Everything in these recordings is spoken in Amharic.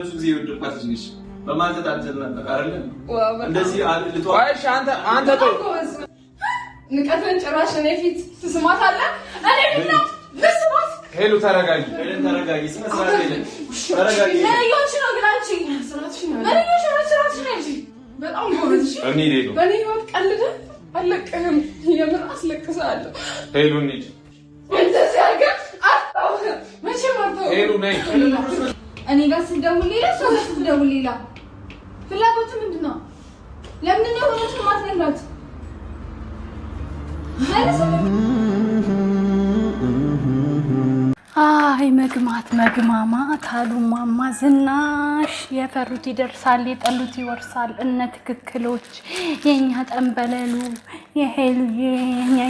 ብዙ ጊዜ የወደድኳት ልጅ ነች። በማለት አልተናነቀ አይደለም እንደዚህ አንተ አንተ ተው ንቀትን ጭራሽ እኔ ፊት ትስማት አለ እኔ ፊት ነው ሄሉ ተረጋጊ፣ ተረጋጊ፣ ተረጋጊ። ለዮች ነው ግን አንቺ ለዮች ነው ስራትሽን ነው እንጂ በጣም ጎበዝሽ። እኔ ሄሉ በእኔ ህይወት ቀልድ አለቀህም፣ የምር አስለቅሳለሁ። ሄሉ እንሂድ፣ እንደዚህ አድርገህ አጣው መቼ ማርተው ሄሉ ነይ እኔ ጋር ስትደውል ሌላ፣ እሷ ጋር ስትደውል ሌላ። ፍላጎት ምንድን ነው? ለምንድን ነው የሆነችን ማትነግራት? አይ መግማት መግማማት አሉማማ ዝናሽ የፈሩት ይደርሳል የጠሉት ይወርሳል። እነ ትክክሎች የኛ ጠንበለሉ የሄሉ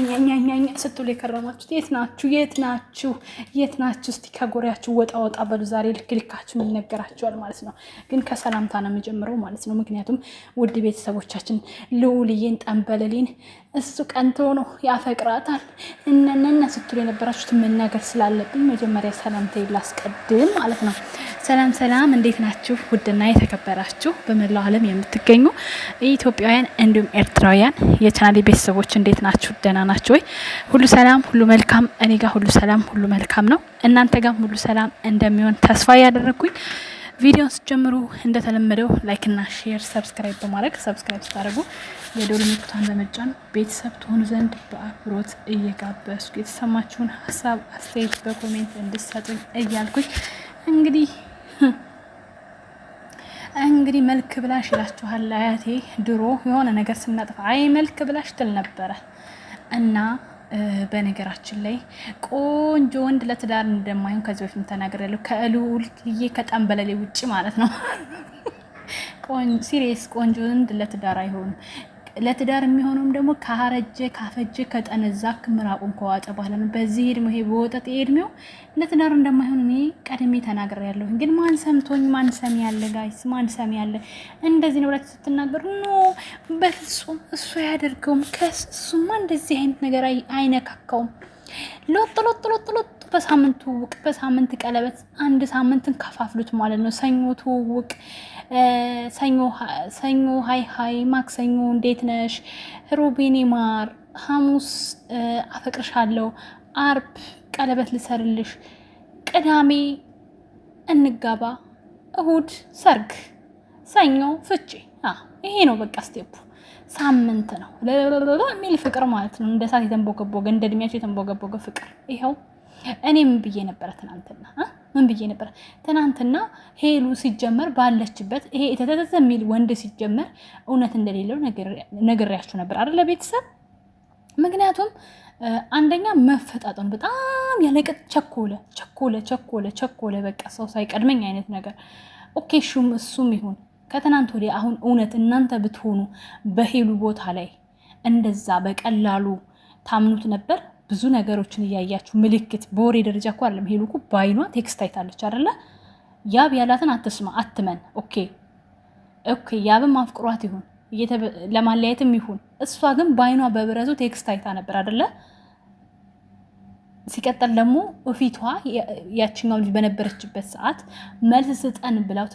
ኛኛኛኛ ስትሉ የከረማችሁት የት ናችሁ? የት ናችሁ? የት ናችሁ? እስቲ ከጎሪያችሁ ወጣ ወጣ በሉ። ዛሬ ልክ ልካችሁን ይነገራችኋል ማለት ነው። ግን ከሰላምታ ነው የምጀምረው ማለት ነው። ምክንያቱም ውድ ቤተሰቦቻችን ልውልዬን ጠንበለሌን እሱ ቀንቶ ነው ያፈቅራታል እነነነ ስትሉ የነበራችሁት መናገር ስላለብኝ መጀመሪያ ሰላምታ ላስቀድም ማለት ነው። ሰላም ሰላም፣ እንዴት ናችሁ? ውድና የተከበራችሁ በመላው ዓለም የምትገኙ ኢትዮጵያውያን እንዲሁም ኤርትራውያን የቻናሌ ቤተሰቦች እንዴት ናችሁ? ደህና ናችሁ ወይ? ሁሉ ሰላም፣ ሁሉ መልካም። እኔ ጋር ሁሉ ሰላም፣ ሁሉ መልካም ነው። እናንተ ጋር ሁሉ ሰላም እንደሚሆን ተስፋ እያደረግኩኝ ቪዲዮን ስጀምሩ እንደተለመደው እና ሼር ሰብስክራይብ በማድረግ ሰብስክራይብ ስታደርጉ የደወል ምልክቷን በመጫን ቤተሰብ ትሆኑ ዘንድ በአክብሮት እየጋበሱ የተሰማችሁን ሀሳብ አስተያየት በኮሜንት እንድሰጡኝ እያልኩኝ እንግዲህ እንግዲህ መልክ ብላሽ ይላችኋል አያቴ። ድሮ የሆነ ነገር ስናጥፋ አይ መልክ ብላሽ ትል ነበረ እና በነገራችን ላይ ቆንጆ ወንድ ለትዳር እንደማይሆን ከዚህ በፊት ተናግሬያለሁ። ከልዑልዬ ከጠንበለሌ ውጭ ማለት ነው። ሲሪየስ ቆንጆ ወንድ ለትዳር አይሆንም። ለትዳር የሚሆነውም ደግሞ ካረጀ ካፈጀ ከጠነዛክ ምራቁን ከዋጠ በኋላ ነው። በዚህ እድሜ ይሄ በወጠጤ እድሜው ለትዳር እንደማይሆን እኔ ቀድሜ ተናግሬ ያለሁ። ግን ማን ሰምቶኝ ማን ሰሚ ያለ ጋይስ፣ ማን ሰሚ ያለ እንደዚህ ነው ብላችሁ ስትናገሩ ኖ፣ በፍጹም እሱ አያደርገውም። ከእሱማ እንደዚህ አይነት ነገር አይነካካውም። ሎጥ ሎጥ ሎጥ ሎጥ በሳምንት ትውውቅ፣ በሳምንት ቀለበት፣ አንድ ሳምንትን ከፋፍሉት ማለት ነው። ሰኞ ትውውቅ፣ ሰኞ ሀይ ሀይ፣ ማክሰኞ እንዴት ነሽ፣ ሮቤኔ ማር፣ ሐሙስ አፈቅርሻለሁ፣ አርብ ቀለበት ልሰርልሽ፣ ቅዳሜ እንጋባ፣ እሁድ ሰርግ፣ ሰኞ ፍቺ። ይሄ ነው በቃ ስቴፑ። ሳምንት ነው የሚል ፍቅር ማለት ነው። እንደ ሳት የተንቦገቦገ እንደ እድሜያቸው የተንቦገቦገ ፍቅር ይኸው እኔ ምን ብዬ ነበረ ትናንትና? ምን ብዬ ነበረ ትናንትና? ሄሉ ሲጀመር ባለችበት ይሄ የተተተተ የሚል ወንድ ሲጀመር እውነት እንደሌለው ነግሬያችሁ ነበር አይደለ ቤተሰብ? ምክንያቱም አንደኛ መፈጣጠኑ በጣም ያለቀጥ ቸኮለ ቸኮለ ቸኮለ ቸኮለ፣ በቃ ሰው ሳይቀድመኝ አይነት ነገር። ኦኬ ሹም እሱም ይሁን ከትናንት ወዲያ አሁን እውነት እናንተ ብትሆኑ በሄሉ ቦታ ላይ እንደዛ በቀላሉ ታምኑት ነበር? ብዙ ነገሮችን እያያችሁ ምልክት በወሬ ደረጃ እኮ አለም ሄሉ እኮ ባይኗ ቴክስት አይታለች አይደለ? ያብ ያላትን አትስማ አትመን። ኦኬ ኦኬ፣ ያብም አፍቅሯት ይሁን ለማለያየትም ይሁን እሷ ግን በአይኗ በብረዙ ቴክስት አይታ ነበር አይደለ? ሲቀጠል ደግሞ እፊቷ ያችኛው ልጅ በነበረችበት ሰዓት መልስ ስጠን ብላው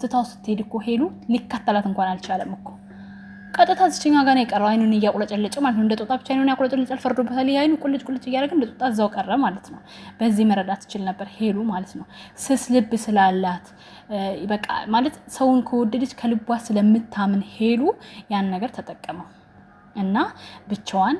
ትታው ስትሄድ እኮ ሄሉ ሊከተላት እንኳን አልቻለም እኮ ቀጥታ ዝችኛ ጋር ነው የቀረው። አይኑን እያቁለጨለጨ ማለት ነው። እንደ ጦጣ ብቻ አይኑን ያቁለጨለጫል፣ ፈርዶበታል። አይኑ ቁልጭ ቁልጭ እያደረገ እንደ ጦጣ እዛው ቀረ ማለት ነው። በዚህ መረዳት ትችል ነበር ሄሉ ማለት ነው። ስስ ልብ ስላላት በቃ ማለት ሰውን ከወደደች ከልቧ ስለምታምን ሄሉ ያን ነገር ተጠቀመው እና ብቻዋን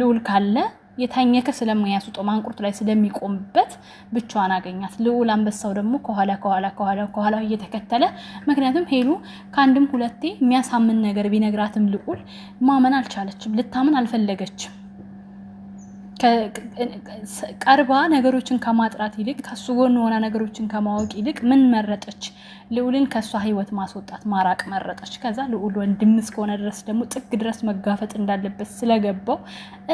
ልውል ካለ የታኘከ ስለማያስወጣው ማንቁርት ላይ ስለሚቆምበት ብቻዋን አገኛት። ልዑል አንበሳው ደግሞ ከኋላ ከኋላ ከኋላ ከኋላ እየተከተለ ምክንያቱም ሄሉ ከአንድም ሁለቴ የሚያሳምን ነገር ቢነግራትም ልዑል ማመን አልቻለችም፣ ልታምን አልፈለገችም። ቀርባ ነገሮችን ከማጥራት ይልቅ ከሱ ጎን ሆና ነገሮችን ከማወቅ ይልቅ ምን መረጠች? ልዑልን ከእሷ ህይወት ማስወጣት ማራቅ መረጠች። ከዛ ልዑል ወንድም እስከሆነ ድረስ ደግሞ ጥግ ድረስ መጋፈጥ እንዳለበት ስለገባው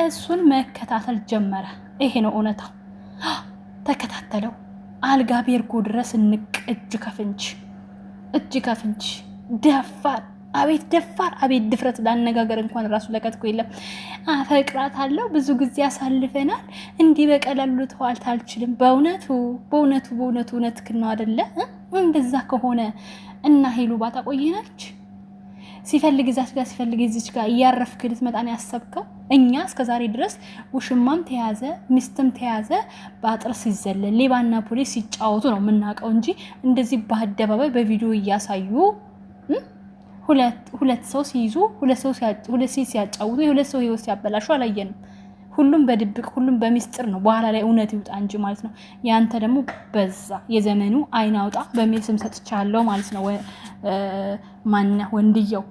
እሱን መከታተል ጀመረ። ይሄ ነው እውነታው። ተከታተለው አልጋ ቤርጎ ድረስ እንቅ እጅ ከፍንች እጅ ከፍንች ደፋር አቤት ደፋር፣ አቤት ድፍረት! ለአነጋገር እንኳን ራሱ ለቀጥኩ የለም። አፈቅራት አለው። ብዙ ጊዜ አሳልፈናል። እንዲህ በቀላሉ ተዋልት አልችልም። በእውነቱ በእውነቱ በእውነቱ እውነት ክነው አደለ? እንደዛ ከሆነ እና ሄሉ ባታቆየናች ሲፈልግ እዛች ጋር ሲፈልግ እዚች ጋር እያረፍክ ልትመጣን ያሰብከው እኛ እስከ ዛሬ ድረስ ውሽማም ተያዘ ሚስትም ተያዘ በአጥር ሲዘለል ሌባና ፖሊስ ሲጫወቱ ነው የምናውቀው እንጂ እንደዚህ በአደባባይ በቪዲዮ እያሳዩ ሁለት ሰው ሲይዙ ሁለት ሴት ሲያጫውቱ የሁለት ሰው ህይወት ሲያበላሹ አላየንም። ሁሉም በድብቅ ሁሉም በሚስጥር ነው። በኋላ ላይ እውነት ይውጣ እንጂ ማለት ነው። ያንተ ደግሞ በዛ የዘመኑ አይን አውጣ በሚል ስም ሰጥቻለሁ ማለት ነው። ማነ ወንድየው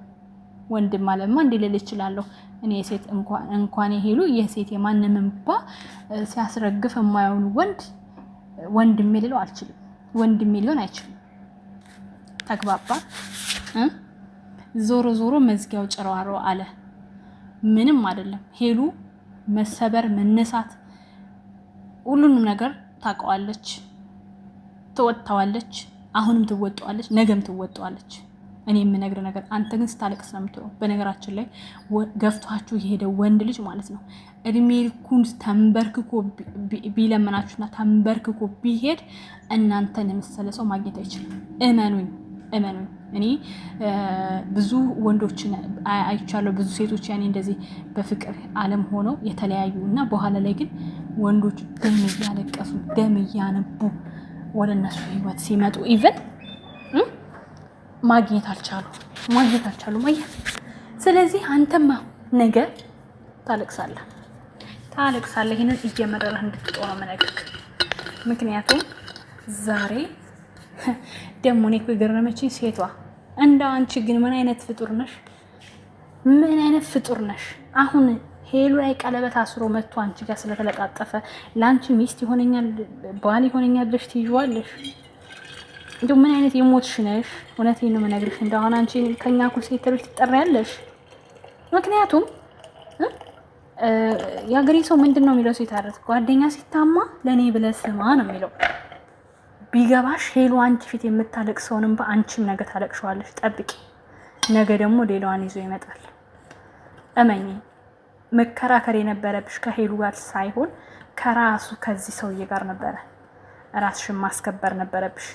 ወንድም አለማ እንዲ ልል ይችላለሁ። እኔ የሴት እንኳን ሄሉ የሴት የማንም እንባ ሲያስረግፍ የማይሆኑ ወንድ ወንድሜ ልለው አልችልም። ወንድሜ ሊሆን አይችልም። ተግባባ ዞሮ ዞሮ መዝጊያው ጭራሮ አለ። ምንም አይደለም። ሄሉ መሰበር፣ መነሳት፣ ሁሉንም ነገር ታውቀዋለች፣ ትወጥተዋለች፣ አሁንም ትወጠዋለች፣ ነገም ትወጠዋለች። እኔ የምነግር ነገር አንተ ግን ስታለቅስ ነው የምትለው። በነገራችን ላይ ገፍቷችሁ የሄደ ወንድ ልጅ ማለት ነው እድሜ ልኩን ተንበርክኮ ቢለመናችሁና ተንበርክኮ ቢሄድ እናንተን የመሰለ ሰው ማግኘት አይችልም። እመኑኝ፣ እመኑኝ። እኔ ብዙ ወንዶችን አይቻለሁ፣ ብዙ ሴቶች ያኔ እንደዚህ በፍቅር አለም ሆነው የተለያዩ እና በኋላ ላይ ግን ወንዶች ደም እያለቀሱ ደም እያነቡ ወደ እነሱ ህይወት ሲመጡ ኢቨን ማግኘት አልቻሉ ማግኘት አልቻሉ ማየት። ስለዚህ አንተማ ነገ ታለቅሳለህ ታለቅሳለህ። ይህንን እየመረረህ እንድትጦ ነው የምነግርህ። ምክንያቱም ዛሬ ደግሞ እኔ እኮ የገረመችኝ ሴቷ እንደ አንቺ ግን ምን አይነት ፍጡር ነሽ? ምን አይነት ፍጡር ነሽ? አሁን ሄሉ ላይ ቀለበት አስሮ መጥቶ አንቺ ጋር ስለተለጣጠፈ ለአንቺ ሚስት ይሆነኛል ባል ይሆነኛል ብለሽ ትይዋለሽ? እንደው ምን አይነት የሞትሽ ነሽ? እውነቴን ነው የምነግርሽ። አሁን አንቺ ከኛ እኩል ሴት ተብለሽ ትጠሪያለሽ። ምክንያቱም የአገሬ ሰው ምንድን ነው የሚለው ሲታረት ጓደኛ ሲታማ ለእኔ ብለህ ስማ ነው የሚለው ቢገባሽ ሄሉ አንቺ ፊት የምታለቅ ሰውንም አንቺም ነገ ታለቅሸዋለሽ። ጠብቂ፣ ነገ ደግሞ ሌላዋን ይዞ ይመጣል። እመኝ። መከራከር የነበረብሽ ከሄሉ ጋር ሳይሆን ከራሱ ከዚህ ሰውዬ ጋር ነበረ። ራስሽን ማስከበር ነበረብሽ።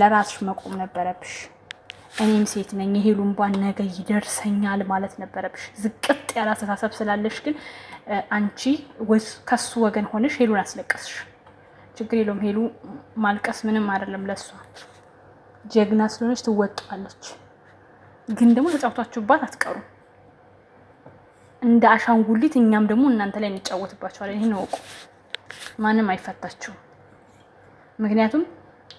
ለራስሽ መቆም ነበረብሽ። እኔም ሴት ነኝ የሄሉ እንባን ነገ ይደርሰኛል ማለት ነበረብሽ። ዝቅጥ ያለ አስተሳሰብ ስላለሽ ግን አንቺ ከሱ ወገን ሆነሽ ሄሉን አስለቀስሽ። ችግር የለውም ሄሉ ማልቀስ ምንም አይደለም። ለሷ ጀግና ስለሆነች ትወጣለች። ግን ደግሞ ተጫውታችሁባት አትቀሩም። እንደ አሻንጉሊት እኛም ደግሞ እናንተ ላይ እንጫወትባቸዋለን። ይሄን እወቁ። ማንም አይፈታችሁም። ምክንያቱም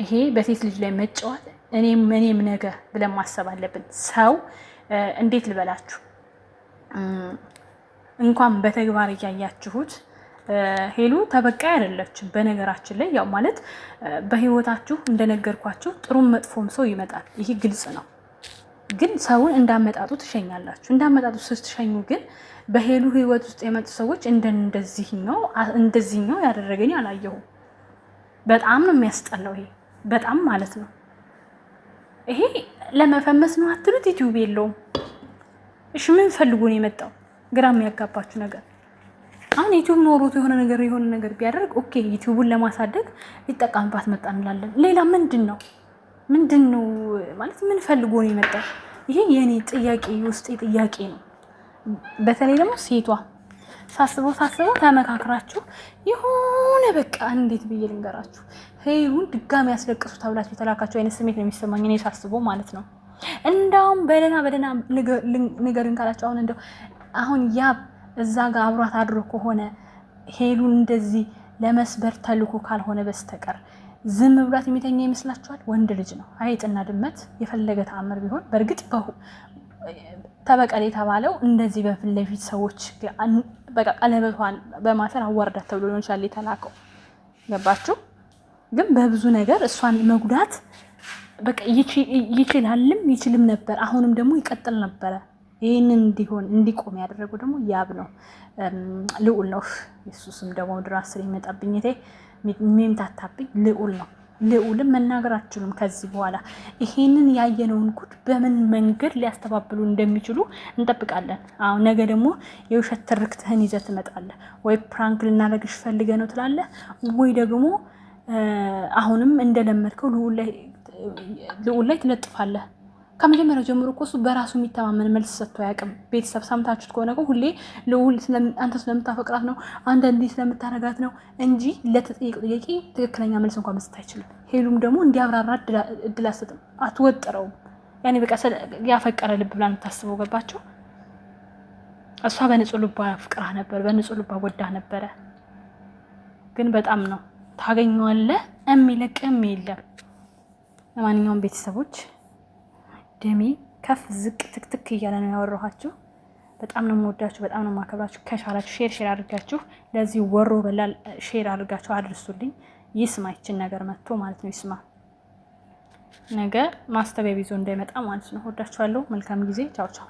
ይሄ በሴት ልጅ ላይ መጫወት እኔም እኔም ነገ ብለን ማሰብ አለብን። ሰው እንዴት ልበላችሁ እንኳን በተግባር እያያችሁት ሄሉ ተበቃይ አይደለችም። በነገራችን ላይ ያው ማለት በህይወታችሁ እንደነገርኳችሁ ጥሩም መጥፎም ሰው ይመጣል። ይሄ ግልጽ ነው። ግን ሰውን እንዳመጣጡ ትሸኛላችሁ። እንዳመጣጡ ስትሸኙ ግን በሄሉ ህይወት ውስጥ የመጡ ሰዎች እንደዚህኛው እንደዚህኛው ያደረገኝ አላየሁም። በጣም ነው የሚያስጠላው። ይሄ በጣም ማለት ነው። ይሄ ለመፈመስ ነው አትሉት። ዩቲዩብ የለውም። እሺ ምን ፈልጎ ነው የመጣው? ግራ የሚያጋባችሁ ነገር አሁን ዩቲዩብ ኖሮት የሆነ ነገር የሆነ ነገር ቢያደርግ ኦኬ፣ ዩቲዩቡን ለማሳደግ ሊጠቀምባት መጣ እንላለን። ሌላ ምንድን ነው ምንድን ነው ማለት ምን ፈልጎ ነው የመጣው? ይሄ የእኔ ጥያቄ ውስጥ ጥያቄ ነው። በተለይ ደግሞ ሴቷ ሳስበው ሳስበው ተመካክራችሁ የሆነ በቃ እንዴት ብዬ ልንገራችሁ፣ ሄሉን ድጋሚ ያስለቅሱ ተብላችሁ የተላካችሁ አይነት ስሜት ነው የሚሰማኝ እኔ ሳስበው ማለት ነው። እንዳውም በደህና በደህና ንገርን ካላችሁ አሁን እንደው አሁን ያ እዛ ጋር አብሯት አድሮ ከሆነ ሄሉን እንደዚህ ለመስበር ተልኮ ካልሆነ በስተቀር ዝም ብሏት የሚተኛ ይመስላችኋል? ወንድ ልጅ ነው። አይጥና ድመት የፈለገ ተአምር ቢሆን በእርግጥ በሁ ተበቀል የተባለው እንደዚህ በፊት ለፊት ሰዎች በቃ ቀለበቷን በማሰር አዋርዳት ተብሎ ሊሆን ይችላል የተላከው። ገባችሁ? ግን በብዙ ነገር እሷን መጉዳት በቃ ይችላልም ይችልም ነበር። አሁንም ደግሞ ይቀጥል ነበረ። ይህንን እንዲሆን እንዲቆም ያደረገው ደግሞ ያብ ነው፣ ልዑል ነው። የሱስም ደግሞ ድራስ ስር ይመጣብኝ ቴ ልዑል ነው። ልዑልም መናገር ከዚህ በኋላ ይሄንን ያየነውን ጉድ በምን መንገድ ሊያስተባብሉ እንደሚችሉ እንጠብቃለን። አሁን ነገ ደግሞ የውሸት ትርክትህን ይዘህ ትመጣለህ። ወይ ፕራንክ ልናደርግሽ ፈልገ ነው ትላለህ፣ ወይ ደግሞ አሁንም እንደለመድከው ልዑል ላይ ትለጥፋለህ። ከመጀመሪያው ጀምሮ እኮ እሱ በራሱ የሚተማመን መልስ ሰጥቶ አያውቅም። ቤተሰብ ሰምታችሁት ከሆነ ግን ሁሌ ልውል አንተ ስለምታፈቅራት ነው አንዳንዴ ስለምታረጋት ነው እንጂ ለተጠየቀው ጥያቄ ትክክለኛ መልስ እንኳን መስጠት አይችልም። ሄሉም ደግሞ እንዲያብራራ እድል አሰጥም፣ አትወጥረውም። ያኔ በቃ ያፈቀረ ልብ ብላ የምታስበው ገባቸው። እሷ በንጹህ ልባ ፍቅራ ነበር፣ በንጹህ ልባ ወዳ ነበረ። ግን በጣም ነው ታገኘዋለህ የሚለቅም የለም። ለማንኛውም ቤተሰቦች ደሜ ከፍ ዝቅ ትክትክ እያለ ነው ያወራኋችሁ። በጣም ነው የምወዳችሁ፣ በጣም ነው የማከብራችሁ። ከቻላችሁ ሼር ሼር አድርጋችሁ ለዚህ ወሮ በላል ሼር አድርጋችሁ አድርሱልኝ። ይስማ ይችን ነገር መጥቶ ማለት ነው ይስማ። ነገ ማስተቢያ ይዞ እንዳይመጣ ማለት ነው። ወዳችኋለሁ። መልካም ጊዜ። ቻው ቻው።